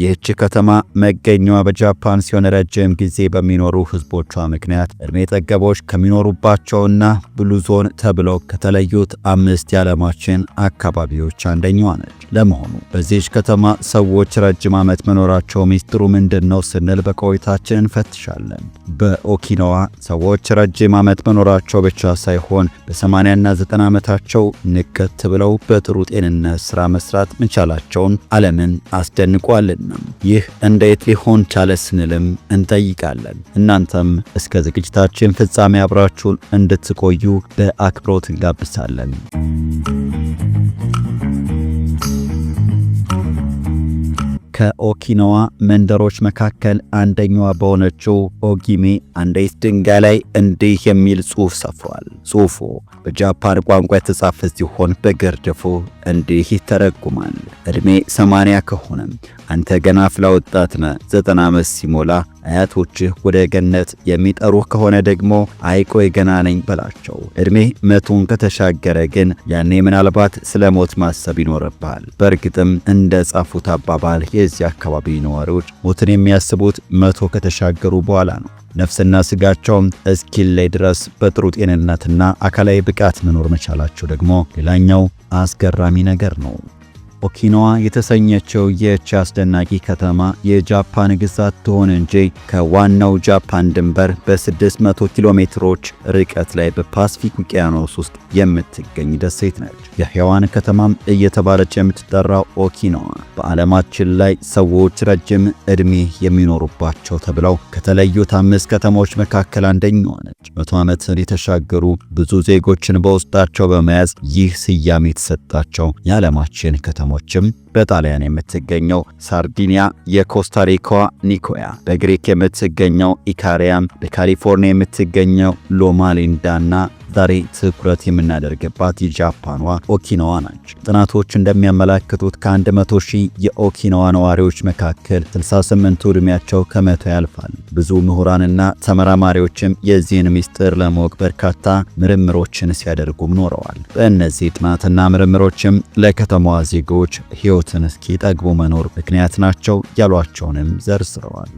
ይህች ከተማ መገኛዋ በጃፓን ሲሆን ረጅም ጊዜ በሚኖሩ ህዝቦቿ ምክንያት እድሜ ጠገቦች ከሚኖሩባቸውና ብሉ ዞን ተብለው ከተለዩት አምስት የዓለማችን አካባቢዎች አንደኛዋ ነች። ለመሆኑ በዚች ከተማ ሰዎች ረጅም ዓመት መኖራቸው ሚስጥሩ ምንድን ነው ስንል በቆይታችን እንፈትሻለን። በኦኪናዋ ሰዎች ረጅም ዓመት መኖራቸው ብቻ ሳይሆን በ80ና 90 ዓመታቸው ንከት ብለው በጥሩ ጤንነት ሥራ መስራት መቻላቸውን ዓለምን አስደንቋልን። አይደለም። ይህ እንዴት ሊሆን ቻለ ስንልም እንጠይቃለን። እናንተም እስከ ዝግጅታችን ፍጻሜ አብራችሁን እንድትቆዩ በአክብሮት እንጋብዛለን። ከኦኪናዋ መንደሮች መካከል አንደኛዋ በሆነችው ኦጊሜ አንዲት ድንጋይ ላይ እንዲህ የሚል ጽሑፍ ሰፍሯል። ጽሑፉ በጃፓን ቋንቋ የተጻፈ ሲሆን በግርድፉ እንዲህ ይተረጉማል። ዕድሜ ሰማንያ ከሆነም አንተ ገና ፍላ ወጣት ነህ። ዘጠና ዓመት ሲሞላ አያቶችህ ወደ ገነት የሚጠሩህ ከሆነ ደግሞ አይቆይ ገና ነኝ በላቸው። ዕድሜ መቶን ከተሻገረ ግን ያኔ ምናልባት ስለ ሞት ማሰብ ይኖርብሃል። በእርግጥም እንደ ጻፉት አባባል የዚህ አካባቢ ነዋሪዎች ሞትን የሚያስቡት መቶ ከተሻገሩ በኋላ ነው። ነፍስና ስጋቸውም ላይ ድረስ በጥሩ ጤንነትና አካላዊ ብቃት መኖር መቻላቸው ደግሞ ሌላኛው አስገራሚ ነገር ነው። ኦኪናዋ የተሰኘችው ይህች አስደናቂ ከተማ የጃፓን ግዛት ትሆን እንጂ ከዋናው ጃፓን ድንበር በ600 ኪሎ ሜትሮች ርቀት ላይ በፓስፊክ ውቅያኖስ ውስጥ የምትገኝ ደሴት ነች። የሕያዋን ከተማም እየተባለች የምትጠራው ኦኪናዋ በዓለማችን ላይ ሰዎች ረጅም ዕድሜ የሚኖሩባቸው ተብለው ከተለዩት አምስት ከተሞች መካከል አንደኛዋ ነች። መቶ ዓመትን የተሻገሩ ብዙ ዜጎችን በውስጣቸው በመያዝ ይህ ስያሜ የተሰጣቸው የዓለማችን ከተማ Watch chấm በጣሊያን የምትገኘው ሳርዲኒያ፣ የኮስታሪካዋ ኒኮያ፣ በግሪክ የምትገኘው ኢካሪያም፣ በካሊፎርኒያ የምትገኘው ና ዛሬ ትኩረት የምናደርግባት የጃፓኗ ኦኪናዋ ናች። ጥናቶች እንደሚያመላክቱት ከ100 ሺህ የኦኪናዋ ነዋሪዎች መካከል 68ቱ ዕድሜያቸው ከመቶ ያልፋል። ብዙ ምሁራንና ተመራማሪዎችም የዚህን ምስጢር ለማወቅ በርካታ ምርምሮችን ሲያደርጉም ኖረዋል። በእነዚህ ጥናትና ምርምሮችም ለከተማዋ ዜጎች ሕይወት ሕይወትን ጠግቦ መኖር ምክንያት ናቸው ያሏቸውንም ዘርዝረዋል።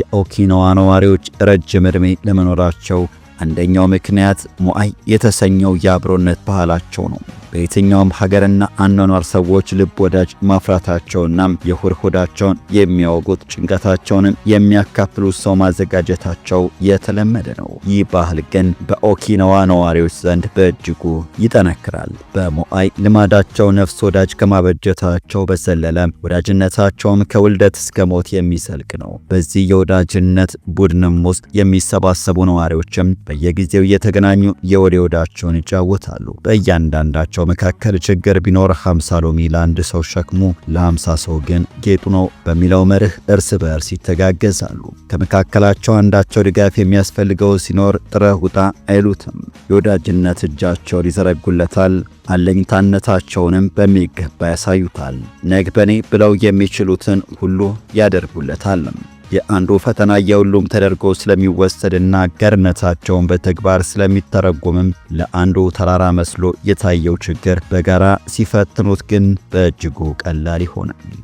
የኦኪናዋ ነዋሪዎች ረጅም ዕድሜ ለመኖራቸው አንደኛው ምክንያት ሞአይ የተሰኘው የአብሮነት ባህላቸው ነው። በየትኛውም ሀገርና አኗኗር ሰዎች ልብ ወዳጅ ማፍራታቸውና የሁድሁዳቸውን የሚያወጉት ጭንቀታቸውንም የሚያካፍሉ ሰው ማዘጋጀታቸው የተለመደ ነው። ይህ ባህል ግን በኦኪናዋ ነዋሪዎች ዘንድ በእጅጉ ይጠነክራል። በሞአይ ልማዳቸው ነፍስ ወዳጅ ከማበጀታቸው በዘለለ ወዳጅነታቸውም ከውልደት እስከ ሞት የሚሰልቅ ነው። በዚህ የወዳጅነት ቡድንም ውስጥ የሚሰባሰቡ ነዋሪዎችም በየጊዜው እየተገናኙ የወሬ ወዳቸውን ይጫወታሉ። በእያንዳንዳቸው በሁለታቸው መካከል ችግር ቢኖር 50 ሎሚ ለአንድ ሰው ሸክሙ ለ50 ሰው ግን ጌጡ ነው በሚለው መርህ እርስ በእርስ ይተጋገዛሉ። ከመካከላቸው አንዳቸው ድጋፍ የሚያስፈልገው ሲኖር ጥረህ ውጣ አይሉትም። የወዳጅነት እጃቸውን ይዘረጉለታል። አለኝታነታቸውንም በሚገባ ያሳዩታል። ነግበኔ ብለው የሚችሉትን ሁሉ ያደርጉለታል። የአንዱ ፈተና የሁሉም ተደርጎ ስለሚወሰድና ገርነታቸውን በተግባር ስለሚተረጎምም ለአንዱ ተራራ መስሎ የታየው ችግር በጋራ ሲፈትኑት ግን በእጅጉ ቀላል ይሆናል።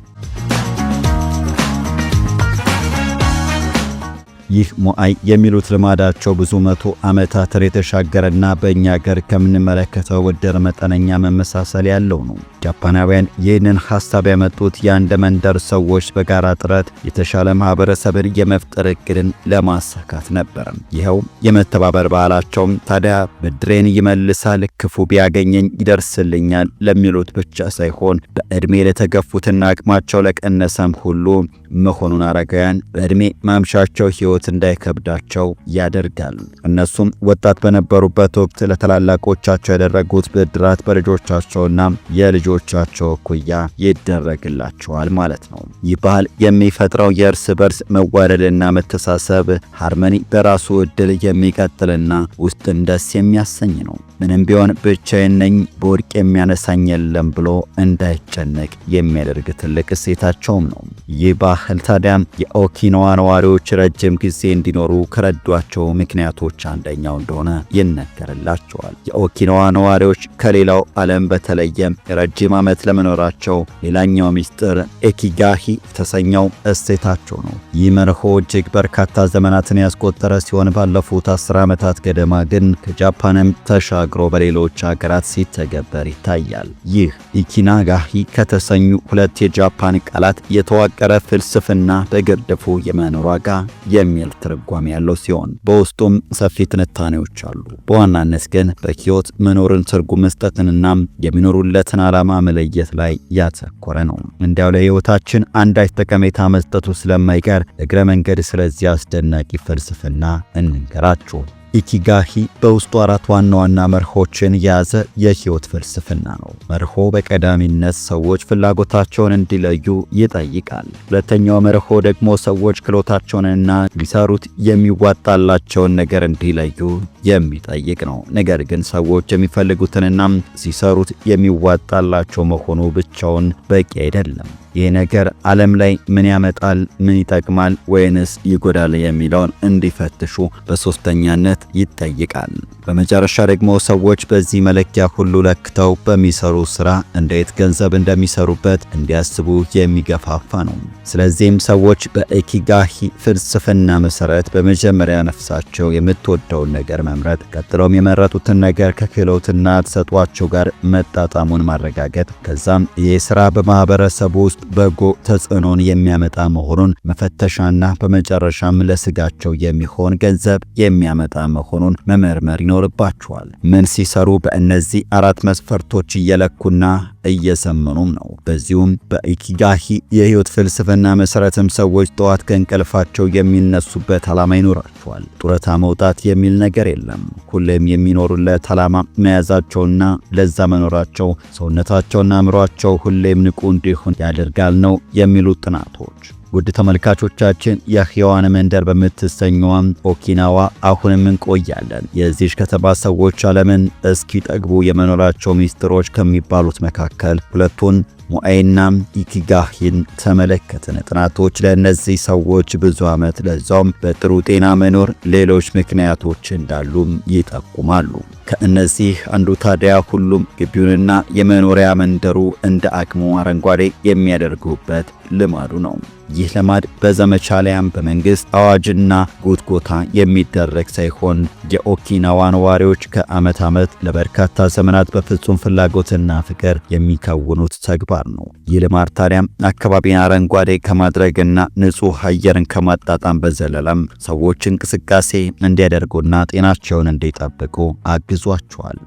ይህ ሙአይ የሚሉት ልማዳቸው ብዙ መቶ ዓመታትን የተሻገረና በእኛ አገር ከምንመለከተው ውድር መጠነኛ መመሳሰል ያለው ነው። ጃፓናውያን ይህንን ሐሳብ ያመጡት የአንድ መንደር ሰዎች በጋራ ጥረት የተሻለ ማኅበረሰብን የመፍጠር እቅድን ለማሳካት ነበር። ይኸው የመተባበር ባህላቸውም ታዲያ ብድሬን ይመልሳል፣ ክፉ ቢያገኘኝ ይደርስልኛል ለሚሉት ብቻ ሳይሆን በዕድሜ ለተገፉትና አቅማቸው ለቀነሰም ሁሉ መሆኑን አረጋውያን በዕድሜ ማምሻቸው ሕይወት ሕይወት እንዳይከብዳቸው ያደርጋል። እነሱም ወጣት በነበሩበት ወቅት ለታላላቆቻቸው ያደረጉት ብድራት በልጆቻቸውና የልጆቻቸው እኩያ ይደረግላቸዋል ማለት ነው። ይህ ባህል የሚፈጥረው የእርስ በርስ መዋደድና መተሳሰብ ሃርመኒ በራሱ ዕድል የሚቀጥልና ውስጥን ደስ የሚያሰኝ ነው። ምንም ቢሆን ብቻዬን ነኝ፣ በወድቅ የሚያነሳኝ የለም ብሎ እንዳይጨነቅ የሚያደርግ ትልቅ እሴታቸውም ነው። ይህ ባህል ታዲያ የኦኪናዋ ነዋሪዎች ረጅም ጊዜ ጊዜ እንዲኖሩ ከረዷቸው ምክንያቶች አንደኛው እንደሆነ ይነገርላቸዋል። የኦኪናዋ ነዋሪዎች ከሌላው ዓለም በተለየም የረጅም ዓመት ለመኖራቸው ሌላኛው ሚስጥር ኤኪጋሂ የተሰኘው እሴታቸው ነው። ይህ መርሆ እጅግ በርካታ ዘመናትን ያስቆጠረ ሲሆን ባለፉት አስር ዓመታት ገደማ ግን ከጃፓንም ተሻግሮ በሌሎች አገራት ሲተገበር ይታያል። ይህ ኢኪናጋሂ ከተሰኙ ሁለት የጃፓን ቃላት የተዋቀረ ፍልስፍና በግርድፉ የመኖር ዋጋ የሚ የሚል ትርጓሜ ያለው ሲሆን በውስጡም ሰፊ ትንታኔዎች አሉ። በዋናነት ግን በኪዮት መኖርን ትርጉም መስጠትንና የሚኖሩለትን ዓላማ መለየት ላይ ያተኮረ ነው። እንዲያው ለሕይወታችን አንዳች ጠቀሜታ መስጠቱ ስለማይቀር እግረ መንገድ ስለዚህ አስደናቂ ፍልስፍና እንንገራችሁ። ኢኪጋሂ በውስጡ አራት ዋና ዋና መርሆችን የያዘ የህይወት ፍልስፍና ነው። መርሆ በቀዳሚነት ሰዎች ፍላጎታቸውን እንዲለዩ ይጠይቃል። ሁለተኛው መርሆ ደግሞ ሰዎች ክሎታቸውንና ሊሰሩት የሚዋጣላቸውን ነገር እንዲለዩ የሚጠይቅ ነው። ነገር ግን ሰዎች የሚፈልጉትንና ሲሰሩት የሚዋጣላቸው መሆኑ ብቻውን በቂ አይደለም። ይህ ነገር ዓለም ላይ ምን ያመጣል፣ ምን ይጠቅማል ወይንስ ይጎዳል የሚለውን እንዲፈትሹ በሶስተኛነት ይጠይቃል። በመጨረሻ ደግሞ ሰዎች በዚህ መለኪያ ሁሉ ለክተው በሚሰሩ ስራ እንዴት ገንዘብ እንደሚሰሩበት እንዲያስቡ የሚገፋፋ ነው። ስለዚህም ሰዎች በኢኪጋሂ ፍልስፍና መሰረት በመጀመሪያ ነፍሳቸው የምትወደውን ነገር መምረጥ፣ ቀጥለውም የመረጡትን ነገር ከክህሎትና ተሰጧቸው ጋር መጣጣሙን ማረጋገጥ፣ ከዛም ይህ ስራ በማህበረሰቡ ውስጥ በጎ ተጽዕኖን የሚያመጣ መሆኑን መፈተሻና በመጨረሻም ለስጋቸው የሚሆን ገንዘብ የሚያመጣ መሆኑን መመርመር ይኖርባቸዋል። ምን ሲሰሩ በእነዚህ አራት መስፈርቶች እየለኩና እየሰመኑም ነው። በዚሁም በኢኪጋሂ የህይወት ፍልስፍና መሰረትም ሰዎች ጠዋት ከእንቅልፋቸው የሚነሱበት ዓላማ ይኖራቸዋል። ጡረታ መውጣት የሚል ነገር የለም። ሁሌም የሚኖሩለት ዓላማ መያዛቸውና ለዛ መኖራቸው ሰውነታቸውና አእምሯቸው ሁሌም ንቁ እንዲሆን ያደርግ ያደርጋል ነው የሚሉት ጥናቶች። ውድ ተመልካቾቻችን የህያዋን መንደር በምትሰኘዋ ኦኪናዋ አሁንም እንቆያለን። የዚች ከተማ ሰዎች ዓለምን እስኪጠግቡ የመኖራቸው ሚስጥሮች ከሚባሉት መካከል ሁለቱን ሞአይና ኢኪጋሂን ተመለከትን። ጥናቶች ለእነዚህ ሰዎች ብዙ ዓመት ለዛውም በጥሩ ጤና መኖር ሌሎች ምክንያቶች እንዳሉም ይጠቁማሉ። ከእነዚህ አንዱ ታዲያ ሁሉም ግቢውንና የመኖሪያ መንደሩ እንደ አቅሙ አረንጓዴ የሚያደርጉበት ልማዱ ነው። ይህ ልማድ በዘመቻ ላይም በመንግስት አዋጅና ጉትጎታ የሚደረግ ሳይሆን የኦኪናዋ ነዋሪዎች ከዓመት ዓመት ለበርካታ ዘመናት በፍጹም ፍላጎትና ፍቅር የሚከውኑት ተግባር ነው። ይህ ልማድ ታዲያም አካባቢን አረንጓዴ ከማድረግና ንጹህ አየርን ከማጣጣም በዘለለም ሰዎች እንቅስቃሴ እንዲያደርጉና ጤናቸውን እንዲጠብቁ አግዙ ይዟቸዋል።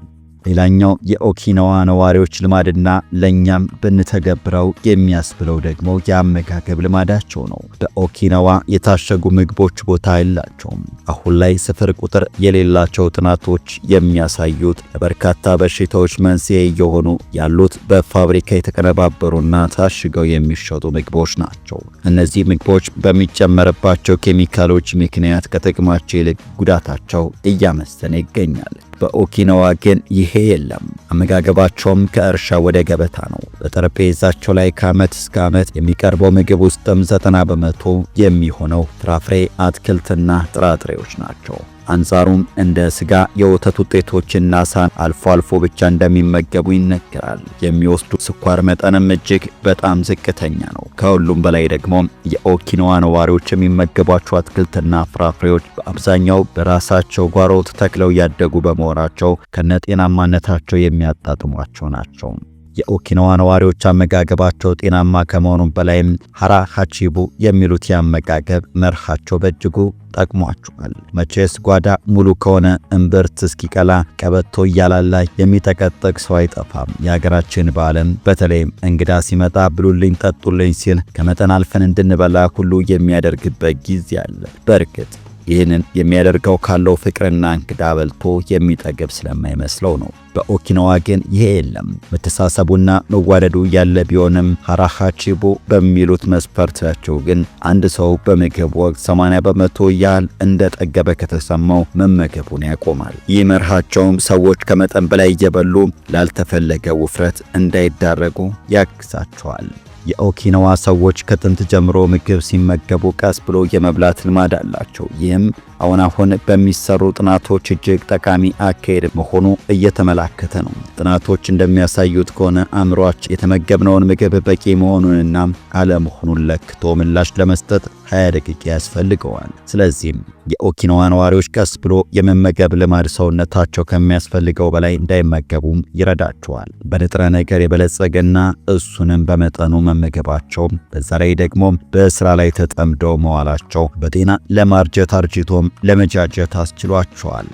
ሌላኛው የኦኪናዋ ነዋሪዎች ልማድና ለእኛም ብንተገብረው የሚያስብለው ደግሞ የአመጋገብ ልማዳቸው ነው። በኦኪናዋ የታሸጉ ምግቦች ቦታ የላቸውም። አሁን ላይ ስፍር ቁጥር የሌላቸው ጥናቶች የሚያሳዩት ለበርካታ በሽታዎች መንስኤ እየሆኑ ያሉት በፋብሪካ የተቀነባበሩና ታሽገው የሚሸጡ ምግቦች ናቸው። እነዚህ ምግቦች በሚጨመርባቸው ኬሚካሎች ምክንያት ከጥቅማቸው ይልቅ ጉዳታቸው እያመሰነ ይገኛል። በኦኪናዋ ግን ይሄ የለም። አመጋገባቸውም ከእርሻ ወደ ገበታ ነው። በጠረጴዛቸው ላይ ከዓመት እስከ ዓመት የሚቀርበው ምግብ ውስጥም ዘጠና በመቶ የሚሆነው ፍራፍሬ፣ አትክልትና ጥራጥሬዎች ናቸው። አንጻሩም እንደ ስጋ፣ የወተት ውጤቶችና ሳን አልፎ አልፎ ብቻ እንደሚመገቡ ይነገራል። የሚወስዱ ስኳር መጠንም እጅግ በጣም ዝቅተኛ ነው። ከሁሉም በላይ ደግሞ የኦኪናዋ ነዋሪዎች የሚመገቧቸው አትክልትና ፍራፍሬዎች በአብዛኛው በራሳቸው ጓሮ ተተክለው ያደጉ በመሆናቸው ከነጤናማነታቸው የሚያጣጥሟቸው ናቸው። የኦኪናዋ ነዋሪዎች አመጋገባቸው ጤናማ ከመሆኑም በላይም ሐራ ሐቺቡ የሚሉት የአመጋገብ መርሃቸው በእጅጉ ጠቅሟቸዋል። መቼስ ጓዳ ሙሉ ከሆነ እምብርት እስኪቀላ ቀበቶ እያላላ የሚጠቀጠቅ ሰው አይጠፋም። የሀገራችን በዓለም በተለይም እንግዳ ሲመጣ ብሉልኝ ጠጡልኝ ሲል ከመጠን አልፈን እንድንበላ ሁሉ የሚያደርግበት ጊዜ አለ። በእርግጥ ይህንን የሚያደርገው ካለው ፍቅርና እንግዳ በልቶ የሚጠግብ ስለማይመስለው ነው። በኦኪናዋ ግን ይሄ የለም። መተሳሰቡና መዋደዱ ያለ ቢሆንም ሀራሃቺቦ በሚሉት መስፈርታቸው ግን አንድ ሰው በምግብ ወቅት 80 በመቶ ያህል እንደጠገበ ከተሰማው መመገቡን ያቆማል። ይህ መርሃቸውም ሰዎች ከመጠን በላይ እየበሉ ላልተፈለገ ውፍረት እንዳይዳረጉ ያግዛቸዋል። የኦኪናዋ ሰዎች ከጥንት ጀምሮ ምግብ ሲመገቡ ቀስ ብሎ የመብላት ልማድ አላቸው። ይህም አሁን አሁን በሚሰሩ ጥናቶች እጅግ ጠቃሚ አካሄድ መሆኑ እየተመላከተ ነው። ጥናቶች እንደሚያሳዩት ከሆነ አእምሯች የተመገብነውን ምግብ በቂ መሆኑንና አለመሆኑን ለክቶ ምላሽ ለመስጠት 20 ደቂቃ ያስፈልገዋል። ስለዚህም የኦኪናዋ ነዋሪዎች ቀስ ብሎ የመመገብ ልማድ ሰውነታቸው ከሚያስፈልገው በላይ እንዳይመገቡም ይረዳቸዋል። በንጥረ ነገር የበለጸገና እሱንም በመጠኑ መመገባቸው፣ በዛ ላይ ደግሞ በስራ ላይ ተጠምደው መዋላቸው በጤና ለማርጀት አርጅቶም ለመጃጀት አስችሏቸዋል።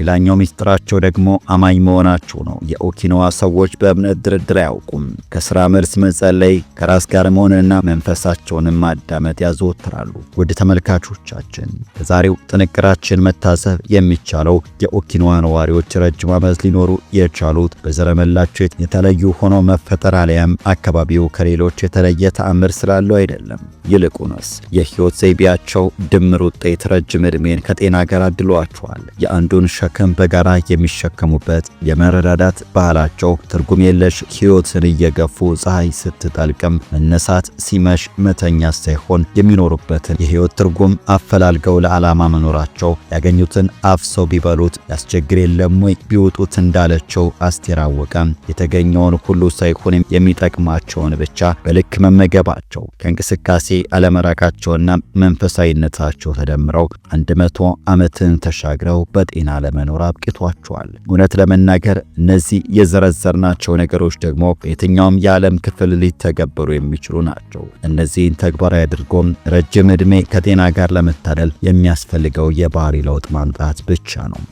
ሌላኛው ሚስጥራቸው ደግሞ አማኝ መሆናቸው ነው። የኦኪናዋ ሰዎች በእምነት ድርድር አያውቁም። ከስራ መልስ መጸለይ፣ ከራስ ጋር መሆንና መንፈሳቸውንም ማዳመጥ ያዘወትራሉ። ውድ ተመልካቾቻችን በዛሬው ጥንቅራችን መታሰብ የሚቻለው የኦኪናዋ ነዋሪዎች ረጅም ዓመት ሊኖሩ የቻሉት በዘረመላቸው የተለዩ ሆኖ መፈጠር አሊያም አካባቢው ከሌሎች የተለየ ተአምር ስላለው አይደለም። ይልቁንስ የህይወት ዘይቤያቸው ድምር ውጤት ረጅም ዕድሜን ከጤና ጋር አድሏቸዋል። የአንዱን ሸ በመሸከም በጋራ የሚሸከሙበት የመረዳዳት ባህላቸው ትርጉም የለሽ ሕይወትን እየገፉ ፀሐይ ስትጠልቅም መነሳት፣ ሲመሽ መተኛ ሳይሆን የሚኖሩበትን የሕይወት ትርጉም አፈላልገው ለዓላማ መኖራቸው ያገኙትን አፍሰው ቢበሉት ያስቸግር የለም ወይ ቢወጡት እንዳለችው አስቴር አወቀ የተገኘውን ሁሉ ሳይሆን የሚጠቅማቸውን ብቻ በልክ መመገባቸው ከእንቅስቃሴ አለመራቃቸውና መንፈሳዊነታቸው ተደምረው መቶ ዓመትን ተሻግረው በጤና ለመ ለመኖር አብቅቷቸዋል። እውነት ለመናገር እነዚህ የዘረዘርናቸው ነገሮች ደግሞ የትኛውም የዓለም ክፍል ሊተገበሩ የሚችሉ ናቸው። እነዚህን ተግባራዊ አድርጎም ረጅም ዕድሜ ከጤና ጋር ለመታደል የሚያስፈልገው የባህሪ ለውጥ ማምጣት ብቻ ነው።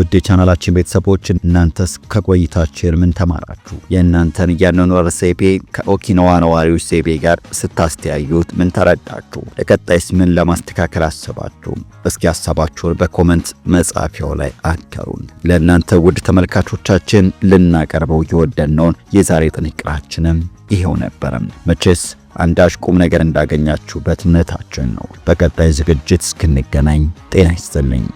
ውድ የቻናላችን ቤተሰቦች እናንተስ ከቆይታችን ምን ተማራችሁ? የእናንተን የአኗኗር ዘይቤ ከኦኪናዋ ነዋሪዎች ዘይቤ ጋር ስታስተያዩት ምን ተረዳችሁ? ለቀጣይስ ምን ለማስተካከል አሰባችሁ? እስኪ ሀሳባችሁን በኮመንት መጻፊያው ላይ አከሩን። ለእናንተ ውድ ተመልካቾቻችን ልናቀርበው የወደድነውን የዛሬ ጥንቅራችንም ይሄው ነበረም። መቼስ አንዳች ቁም ነገር እንዳገኛችሁበት እምነታችን ነው። በቀጣይ ዝግጅት እስክንገናኝ ጤና ይስጥልኝ።